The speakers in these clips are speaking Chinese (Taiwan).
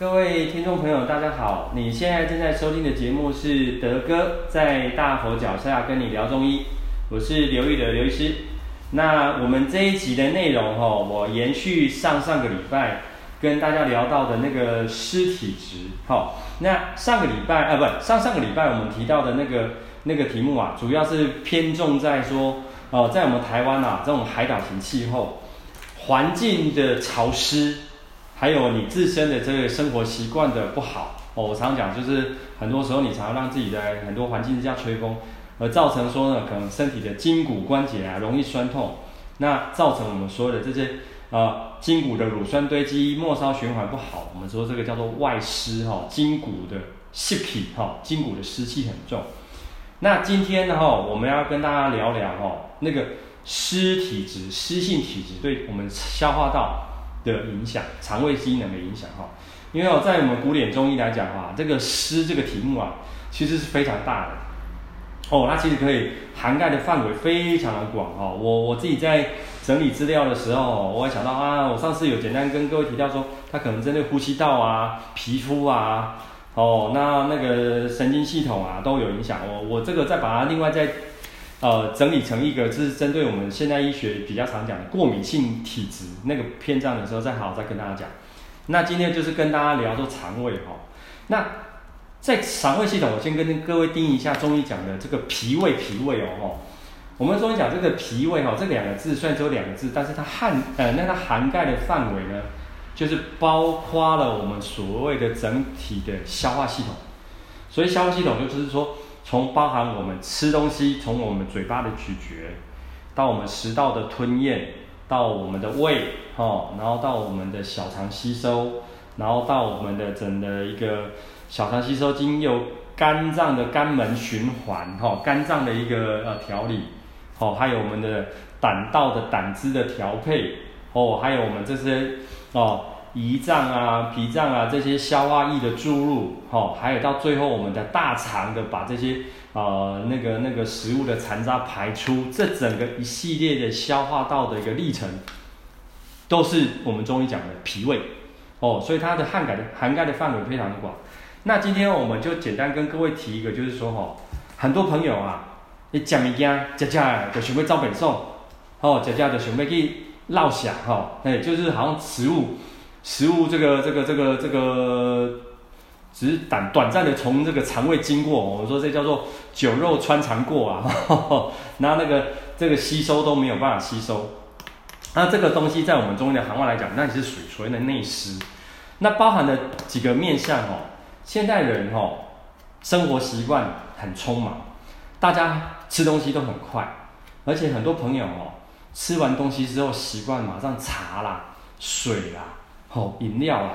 各位聽眾朋友，大家好！你現在正在收聽的節目是德哥在大佛腳下跟你聊中醫，我是劉裕德，劉醫師。那我們這一集的內容哈，我延續上上個禮拜跟大家聊到的那個濕體質。好，那上個禮拜啊，不，上上個禮拜我們提到的那個那個題目啊，主要是偏重在說哦，在我們台灣吶，啊，這種海島型氣候環境的潮濕。還有你自身的這個生活習慣的不好、哦、我常常講，就是很多時候你常常讓自己在很多環境之下吹風，而造成說呢，可能身體的筋骨關節啊容易痠痛，那造成我們說的這些、呃、筋骨的乳酸堆積，末梢循環不好，我們說這個叫做外濕哈、哦，筋骨的濕氣哈、哦，筋骨的濕氣很重。那今天呢哈、哦，我們要跟大家聊聊哦，那個濕體質、濕性體質對我們消化道。的影響，腸胃機能的影響，哈，因為我在我們古典中醫來講啊，這個濕這個題目啊，其實是非常大的，哦，那其實可以涵蓋的範圍非常的廣，哦，我我自己在整理資料的時候，我也想到啊，我上次有簡單跟各位提到說，它可能針對呼吸道啊、皮膚啊，哦，那那個神經系統啊都有影響，我我這個再把它另外再。呃，整理成一個，就是針對我們現代醫學比較常講的過敏性體質那個篇章的時候，再好好再跟大家講。那今天就是跟大家聊說腸胃哈、哦。那在腸胃系統，我先跟各位定義一下中醫講的這個脾胃，脾胃哦。我們中醫講這個脾胃哈、哦，這兩個字雖然只有兩個字，但是它涵呃，那它涵蓋的範圍呢，就是包括了我們所謂的整體的消化系統。所以消化系統就是說。從包含我們吃東西，從我們嘴巴的咀嚼，到我們食道的吞嚥，到我們的胃，哦、然後到我們的小腸吸收，然後到我們的整個一個小腸吸收，經由肝臟的肝門循環，哈、哦，肝臟的一個呃調理，哦，還有我們的膽道的膽汁的調配，哦，還有我們這些，哦。胰臟啊、脾臟啊，這些消化液的注入，吼、哦，還有到最後我們的大腸的把這些呃那個那個食物的殘渣排出，這整個一系列的消化道的一個歷程，都是我們中醫講的脾胃哦。所以它的涵蓋的涵蓋的範圍非常的廣。那今天我們就簡單跟各位提一個，就是說吼、哦，很多朋友啊，你吃物件吃吃就想要照本宋，哦，吃吃就想要去鬧相，吼，哎，就是好像食物。食物這個、這個、這個、這個，只是短短暫的從這個腸胃經過。我們說這叫做酒肉穿腸過啊，那那個這個吸收都沒有辦法吸收。那、啊、這個東西在我們中醫的行話來講，那也是屬於所謂的內濕。那包含的幾個面向哦，現代人哦生活習慣很匆忙，大家吃東西都很快，而且很多朋友哦吃完東西之後習慣馬上茶啦、水啦、啊。哦，飲料啦、啊，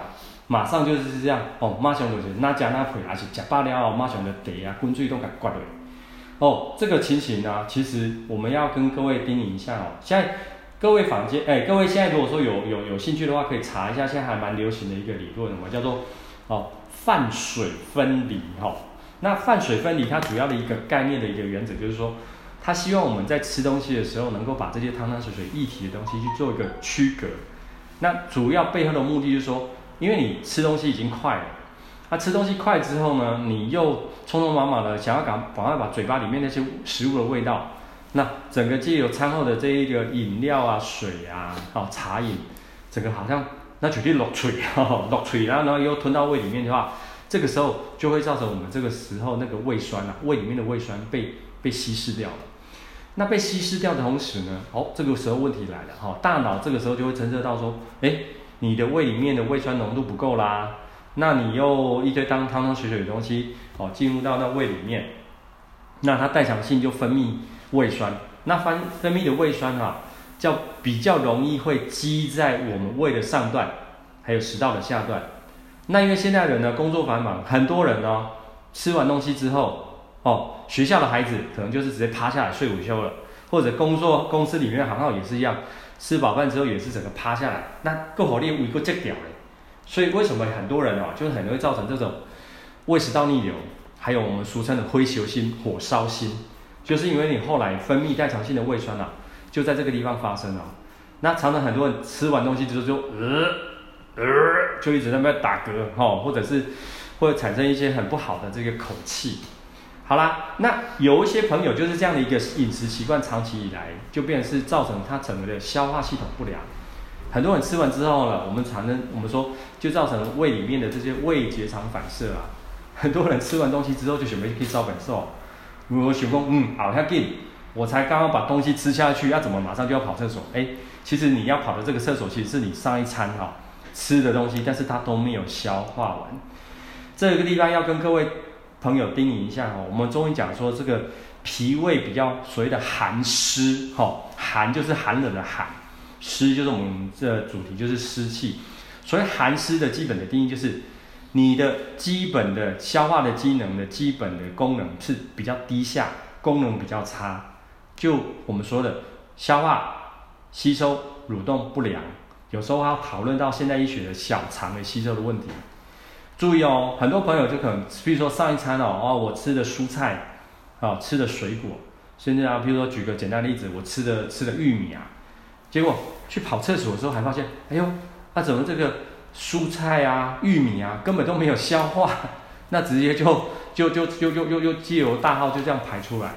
馬上就是這樣哦，馬上就是哪吃哪排，還是吃飽了後馬上就茶啊、滾水都給刮落。哦，這個情形呢、啊，其實我們要跟各位叮嚀一下哦。現在各位房間，哎，各位現在如果說有有有興趣的話，可以查一下現在還蠻流行的一個理論，什麼叫做哦飯水分離哈、哦。那飯水分離它主要的一個概念的一個原則就是說，它希望我們在吃東西的時候能夠把這些湯湯水水液體的東西去做一個區隔。那主要背後的目的是說，因為你吃東西已經快了，那、啊、吃東西快之後呢，你又匆匆忙忙的想要趕，趕快把嘴巴裡面那些食物的味道，那整個既有餐後的這一個飲料啊、水啊、哦茶飲，整個好像那絕對落水、哦，落水，然後然後又吞到胃裡面的話，這個時候就會造成我們這個時候那個胃酸啊，胃裡面的胃酸被被稀釋掉了。那被稀釋掉的同時呢，哦，這個時候問題來了，哈、哦，大腦這個時候就會偵測，測到說，哎，你的胃裡面的胃酸濃度不夠啦，那你又一堆當湯湯水水的東西，哦，進入到那胃裡面，那它代償性就分泌胃酸，那分分泌的胃酸哈、啊，叫比較容易會積在我們胃的上段，還有食道的下段，那因為現在人呢工作繁忙，很多人呢、哦、吃完東西之後。哦，學校的孩子可能就是直接趴下來睡午休了，或者工作公司裡面的行號也是一樣，吃飽飯之後也是整個趴下來，那個火力會更結掉嘞。所以為什麼很多人哦、啊，就是很容易造成這種胃食道逆流，還有我們俗稱的“灰球心”、“火燒心”，就是因為你後來分泌代償性的胃酸吶、啊，就在這個地方發生了、啊。那常常很多人吃完東西之後就呃呃，就一直在那邊打嗝哈、哦，或者是會產生一些很不好的這個口氣。好啦，那有一些朋友就是這樣的一個飲食習慣，長期以來就變成是造成他整個的消化系統不良。很多人吃完之後呢，我們常能我們說就造成胃裡面的這些胃結腸反射啊。很多人吃完東西之後就選擇去造感受，如果我選擇，嗯，好嚇勁，我才剛剛把東西吃下去，要、啊、怎麼馬上就要跑廁所？誒、欸，其實你要跑的這個廁所其實是你上一餐哈、哦、吃的東西，但是它都沒有消化完。這個地方要跟各位朋友叮嚀一下哈，我們中醫講說這個脾胃比較所謂的寒濕哈，寒就是寒冷的寒，濕就是我們這主題就是濕氣。所以寒濕的基本的定義就是你的基本的消化的機能的基本的功能是比較低下，功能比較差，就我們說的消化吸收蠕動不良，有時候還要討論到現代醫學的小腸的吸收的問題。注意哦，很多朋友就可能，比如說上一餐哦，哦，我吃的蔬菜，啊、哦，吃的水果，甚至啊，比如說舉個簡單例子，我吃的吃的玉米啊，結果去跑廁所的時候還發現，哎呦，那、啊、怎麼這個蔬菜啊、玉米啊根本都沒有消化，那直接就就就就就就就又借由大號就這樣排出來。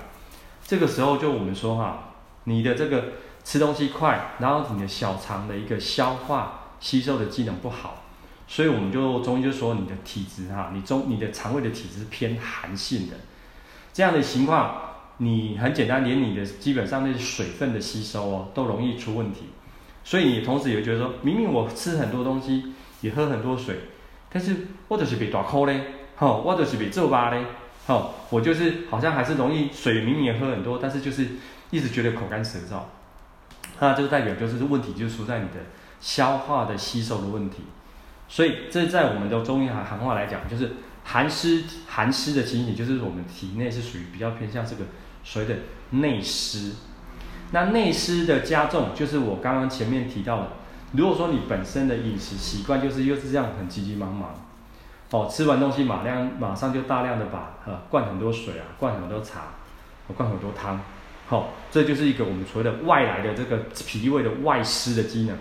這個時候就我們說哈、啊，你的這個吃東西快，然後你的小腸的一個消化吸收的機能不好。所以我們就中醫就說你的體質哈，你中你的腸胃的體質偏寒性的，這樣的情況，你很簡單，連你的基本上那些水分的吸收哦，都容易出問題。所以你同時也覺得說，明明我吃很多東西，也喝很多水，但是我就是被大口嘞，哈，我就是被皺巴嘞，哈，我就是好像還是容易水明明也喝很多，但是就是一直覺得口乾舌燥，那、啊、這代表就是問題就出在你的消化的吸收的問題。所以，這在我們的中醫行行話來講，就是寒濕寒濕的情形，就是我們體內是屬於比較偏向這個所謂的內濕。那內濕的加重，就是我剛剛前面提到的，如果說你本身的飲食習慣就是又是這樣很急急忙忙，哦，吃完東西馬上馬上就大量的把、呃、灌很多水啊，灌很多茶，哦、灌很多湯，好、哦，這就是一個我們所謂的外來的這個脾胃的外濕的機能。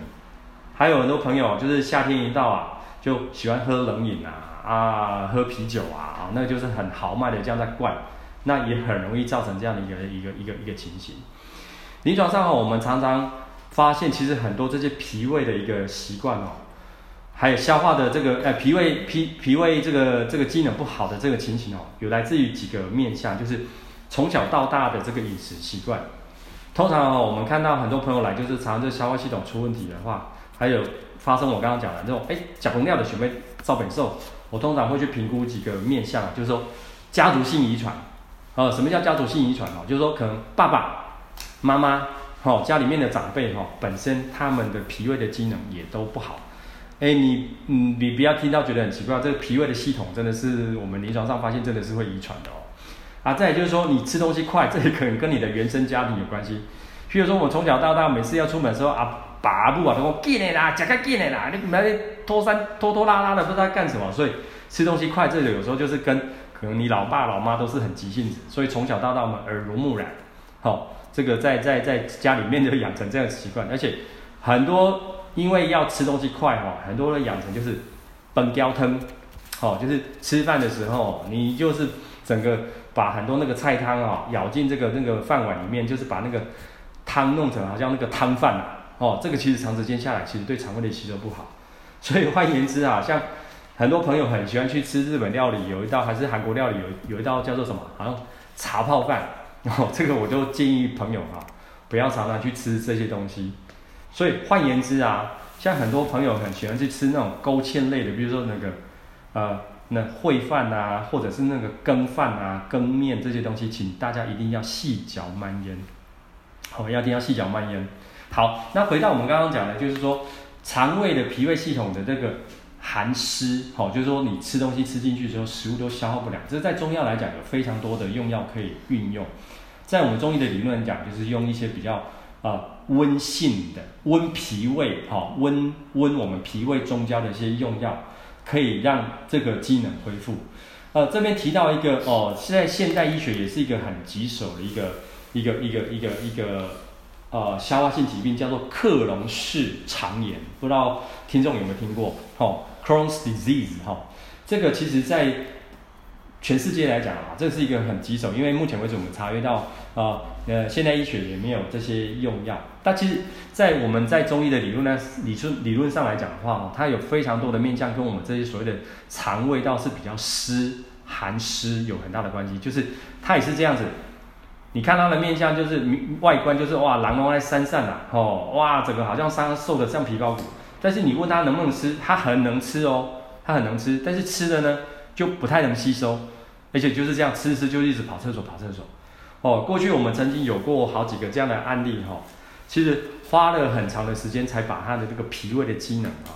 還有很多朋友就是夏天一到啊。就喜歡喝冷飲啊啊，喝啤酒啊啊，那就是很豪邁的這樣在灌，那也很容易造成這樣的一個一個一個一個情形。臨床上哦，我們常常發現，其實很多這些脾胃的一個習慣哦，還有消化的這個，呃，脾胃脾脾胃這個這個機能不好的這個情形哦，有來自於幾個面向，就是從小到大的這個飲食習慣。通常哦，我們看到很多朋友來，就是常常這消化系統出問題的話，還有。發生我剛剛講的這種哎，小紅尿的前輩趙本壽，我通常會去評估幾個面向，就是說家族性遺傳，呃，什麼叫家族性遺傳哦？就是說可能爸爸媽媽哈，家裡面的長輩哈，本身他們的脾胃的機能也都不好。哎、欸，你嗯，你不要聽到覺得很奇怪，這個脾胃的系統真的是我們臨床上發現真的是會遺傳的哦。啊，再來就是說你吃東西快，這也可能跟你的原生家庭有關係。譬如說，我從小到大每次要出門的時候啊。扒步啊，都講快點啦，吃個快點啦！你不要拖山拖拖拉拉的，不知道幹什麼。所以吃東西快，這個有時候就是跟可能你老爸老媽都是很急性子，所以從小到大我們耳濡目染，好，這個在在在家裡面就養成這樣習慣。而且很多因為要吃東西快哈，很多人養成就是崩叼湯，好，就是吃飯的時候你就是整個把很多那個菜湯啊舀進這個那個飯碗裡面，就是把那個湯弄成好像那個湯飯啊。哦，這個其實長時間下來，其實對腸胃的吸收不好。所以換言之啊，像很多朋友很喜歡去吃日本料理，有一道還是韓國料理，有一有一道叫做什麼？好像茶泡飯。哦，這個我就建議朋友哈、啊，不要常常去吃這些東西。所以換言之啊，像很多朋友很喜歡去吃那種勾芡類的，比如說那個呃那燴飯啊，或者是那個羹飯啊、羹麵這些東西，請大家一定要細嚼慢嚥。好、哦，一定要細嚼慢嚥。好，那回到我們剛剛講的，就是說腸胃的脾胃系統的這個寒濕，好，就是說你吃東西吃進去之後，食物都消耗不了。這在中藥來講有非常多的用藥可以運用，在我們中醫的理論講，就是用一些比較啊溫性的溫脾胃，哈，溫溫我們脾胃中焦的一些用藥，可以讓這個機能恢復。呃，這邊提到一個哦，呃，現在現代醫學也是一個很棘手的一個一個一個一個一個。一個一個一個一個呃，消化性疾病叫做克隆氏腸炎，不知道聽眾有沒有聽過？哈、哦、Crohn's disease，哈、哦，這個其實在全世界來講啊，這是一個很棘手，因為目前為止我們查閱到，啊、呃，呃，現代醫學也沒有這些用藥。但其實，在我們在中醫的理論呢，理論理論上來講的話，它有非常多的面向，跟我們這些所謂的腸胃道是比較濕寒濕有很大的關係，就是它也是這樣子。你看他的面相就是外觀，就是哇狼龍在山上啦、啊，哦哇整個好像瘦的像皮包骨，但是你問他能不能吃，他很能吃哦，他很能吃，但是吃的呢就不太能吸收，而且就是這樣吃吃就一直跑廁所跑廁所哦。過去我們曾經有過好幾個這樣的案例哈、哦，其實花了很長的時間才把他的這個脾胃的機能啊、哦、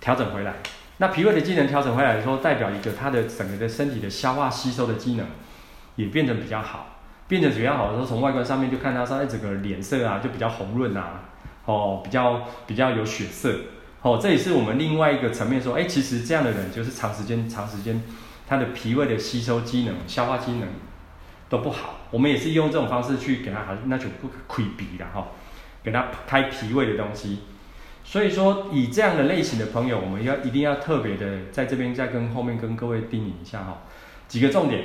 調整回來。那脾胃的機能調整回來的時候代表一個他的整個的身體的消化吸收的機能也變得比較好。變得比較好的時候，從外觀上面就看他說，上、欸、一整個臉色啊，就比較紅潤啊，哦，比較比較有血色，哦，這也是我們另外一個層面說，哎、欸，其實這樣的人就是長時間、長時間，他的脾胃的吸收機能、消化機能都不好。我們也是用這種方式去給他，好，那就不可以比的哈、哦，給他開脾胃的東西。所以說，以這樣的類型的朋友，我們要一定要特別的在這邊再跟後面跟各位叮嚀一下哈、哦，幾個重點，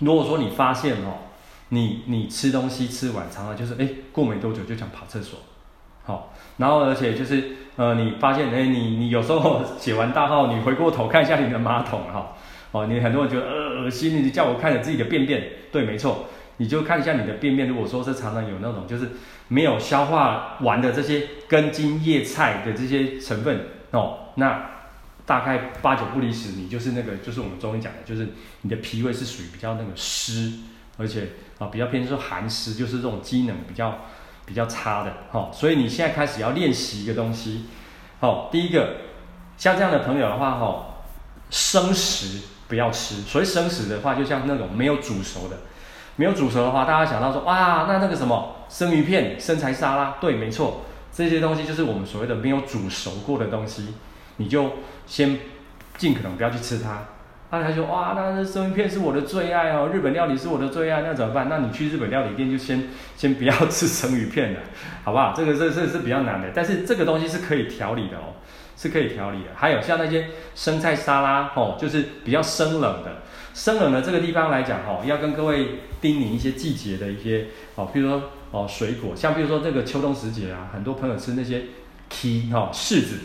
如果說你發現哈。哦你你吃東西吃完，常常就是哎、欸、過沒多久就想跑廁所，好，然後而且就是呃你發現哎、欸、你你有時候寫完大號，你回過頭看一下你的馬桶哈哦，你很多人覺得呃噁心，你叫我看着自己的便便，對，沒錯，你就看一下你的便便，如果說是常常有那種就是沒有消化完的這些根莖葉菜的這些成分哦，那大概八九不離十，你就是那個就是我們中醫講的就是你的脾胃是屬於比較那個濕，而且。啊，比較偏說寒濕，就是這種機能比較比較差的哈，所以你現在開始要練習一個東西，好，第一個，像這樣的朋友的話，哈，生食不要吃，所以生食的話，就像那種沒有煮熟的，沒有煮熟的話，大家想到說，哇，那那個什麼，生魚片、生菜沙拉，對，沒錯，這些東西就是我們所謂的沒有煮熟過的東西，你就先盡可能不要去吃它。他、啊、他說，哇，那生魚片是我的最愛哦，日本料理是我的最愛，那怎麼辦？那你去日本料理店就先先不要吃生魚片了，好不好？這個這個、這個、是比較難的，但是這個東西是可以調理的哦，是可以調理的。還有像那些生菜沙拉哦，就是比較生冷的，生冷的這個地方來講哈、哦，要跟各位叮嚀一些季節的一些哦，譬如說哦水果，像譬如說這個秋冬時節啊，很多朋友吃那些柿哈、哦、柿子。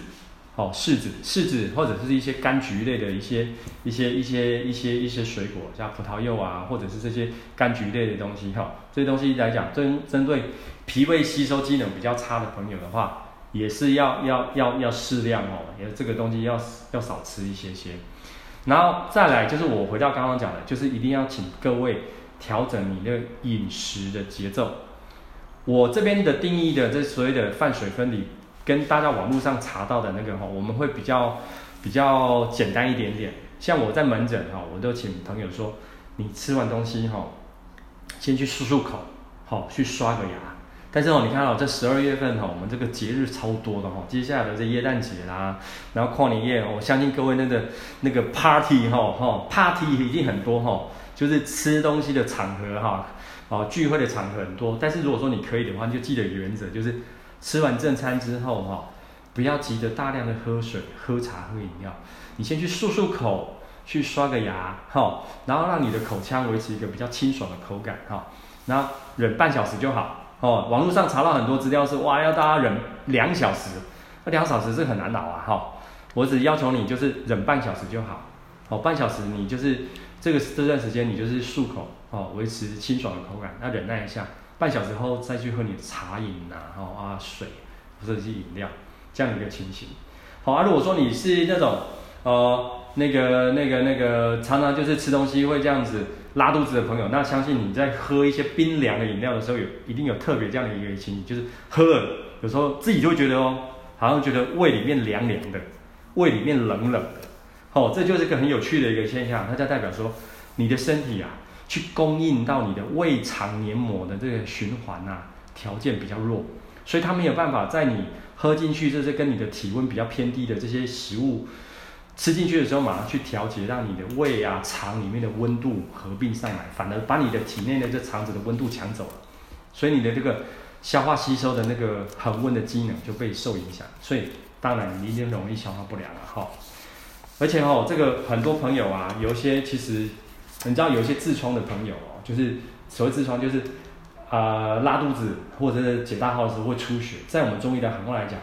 哦，柿子、柿子，或者是一些柑橘類的一些,一些、一些、一些、一些、一些水果，像葡萄柚啊，或者是這些柑橘類的東西，哈、哦，這些東西來講，針針對脾胃吸收機能比較差的朋友的話，也是要要要要適量哦，也是這個東西要要少吃一些些。然後再來就是我回到剛剛講的，就是一定要請各位調整你的飲食的節奏。我這邊的定義的，這所謂的飯水分離。跟大家網絡上查到的那個哈，我們會比較比較簡單一點點。像我在門診哈，我都請朋友說，你吃完東西哈，先去漱漱口，好去刷個牙。但是哦，你看啊，這十二月份哈，我們這個節日超多的哈，接下來的這耶誕節啦，然後跨年夜，我相信各位那個那個 party 哈 party 一定很多哈，就是吃東西的場合哈，聚會的場合很多。但是如果說你可以的話，你就記得原則就是。吃完正餐之後哈，不要急着大量的喝水、喝茶、喝飲料，你先去漱漱口，去刷個牙哈，然後讓你的口腔維持一個比較清爽的口感哈。然後忍半小時就好哦。網絡上查到很多資料是哇，要大家忍兩小時，那兩小時是很難熬啊哈。我只要求你就是忍半小時就好哦，半小時你就是這個這段時間你就是漱口哦，維持清爽的口感，要忍耐一下。半小時後再去喝你的茶飲吶、啊哦，啊水或者是飲料，這樣一個情形。好、哦、啊，如果說你是那種呃那個那個那個常常就是吃東西會這樣子拉肚子的朋友，那相信你在喝一些冰涼的飲料的時候有，有一定有特別這樣的一個情形，就是喝了有時候自己就會覺得哦，好像覺得胃裡面涼涼的，胃裡面冷冷的，好、哦、這就是一個很有趣的一個現象，它就代表說你的身體啊。去供應到你的胃腸黏膜的這個循環啊，條件比較弱，所以它沒有辦法在你喝進去這些、就是、跟你的體溫比較偏低的這些食物吃進去的時候，馬上去調節，讓你的胃啊腸裡面的溫度合併上來，反而把你的體內的這腸子的溫度搶走了，所以你的這個消化吸收的那個恆溫的機能就被受影響，所以當然你就容易消化不良了、啊、哈、哦。而且哈、哦，這個很多朋友啊，有些其實。你知道有一些痔瘡的朋友哦，就是所謂痔瘡，就是啊、呃、拉肚子或者是解大號的時候會出血，在我們中醫的行話來講，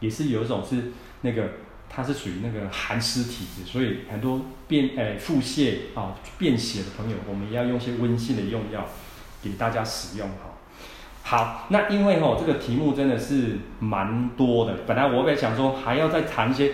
也是有一種是那個它是屬於那個寒濕體質，所以很多便誒、欸、腹瀉啊便血的朋友，我們也要用些溫性的用藥給大家使用。好，好，那因為吼、哦、這個題目真的是蠻多的，本來我本來想說還要再談一些。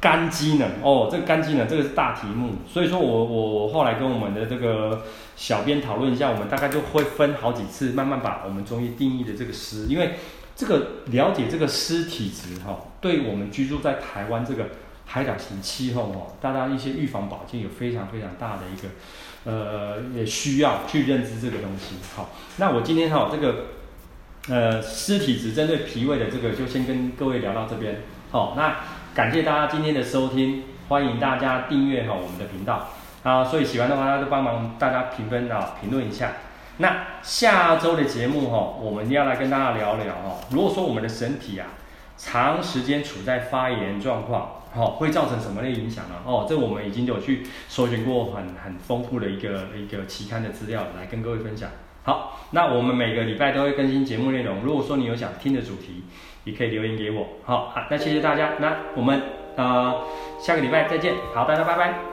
肝機能哦，這個肝機能這個是大題目，所以說我我，我後來跟我們的這個小編討論一下，我們大概就會分好幾次，慢慢把我們中醫定義的這個濕，因為這個了解這個濕體質哈，對我們居住在台灣這個海島型氣候，大家一些預防保健有非常非常大的一個呃也需要去認知這個東西。好，那我今天哈這個呃濕體質針對脾胃的這個就先跟各位聊到這邊。好，哦，那。感謝大家今天的收聽，歡迎大家訂閱哈我們的頻道啊，所以喜歡的話就幫忙大家評分啊評論一下。那下周的節目哈，我們要來跟大家聊聊，如果說我們的身體啊長時間處在發炎狀況，哈會造成什麼類影響呢？啊？哦，這我們已經有去搜尋過很很豐富的一個一個期刊的資料來跟各位分享。好，那我們每個禮拜都會更新節目內容，如果說你有想聽的主題，你可以留言給我，好，好，那謝謝大家，那我們呃下個禮拜再見，好，大家拜拜。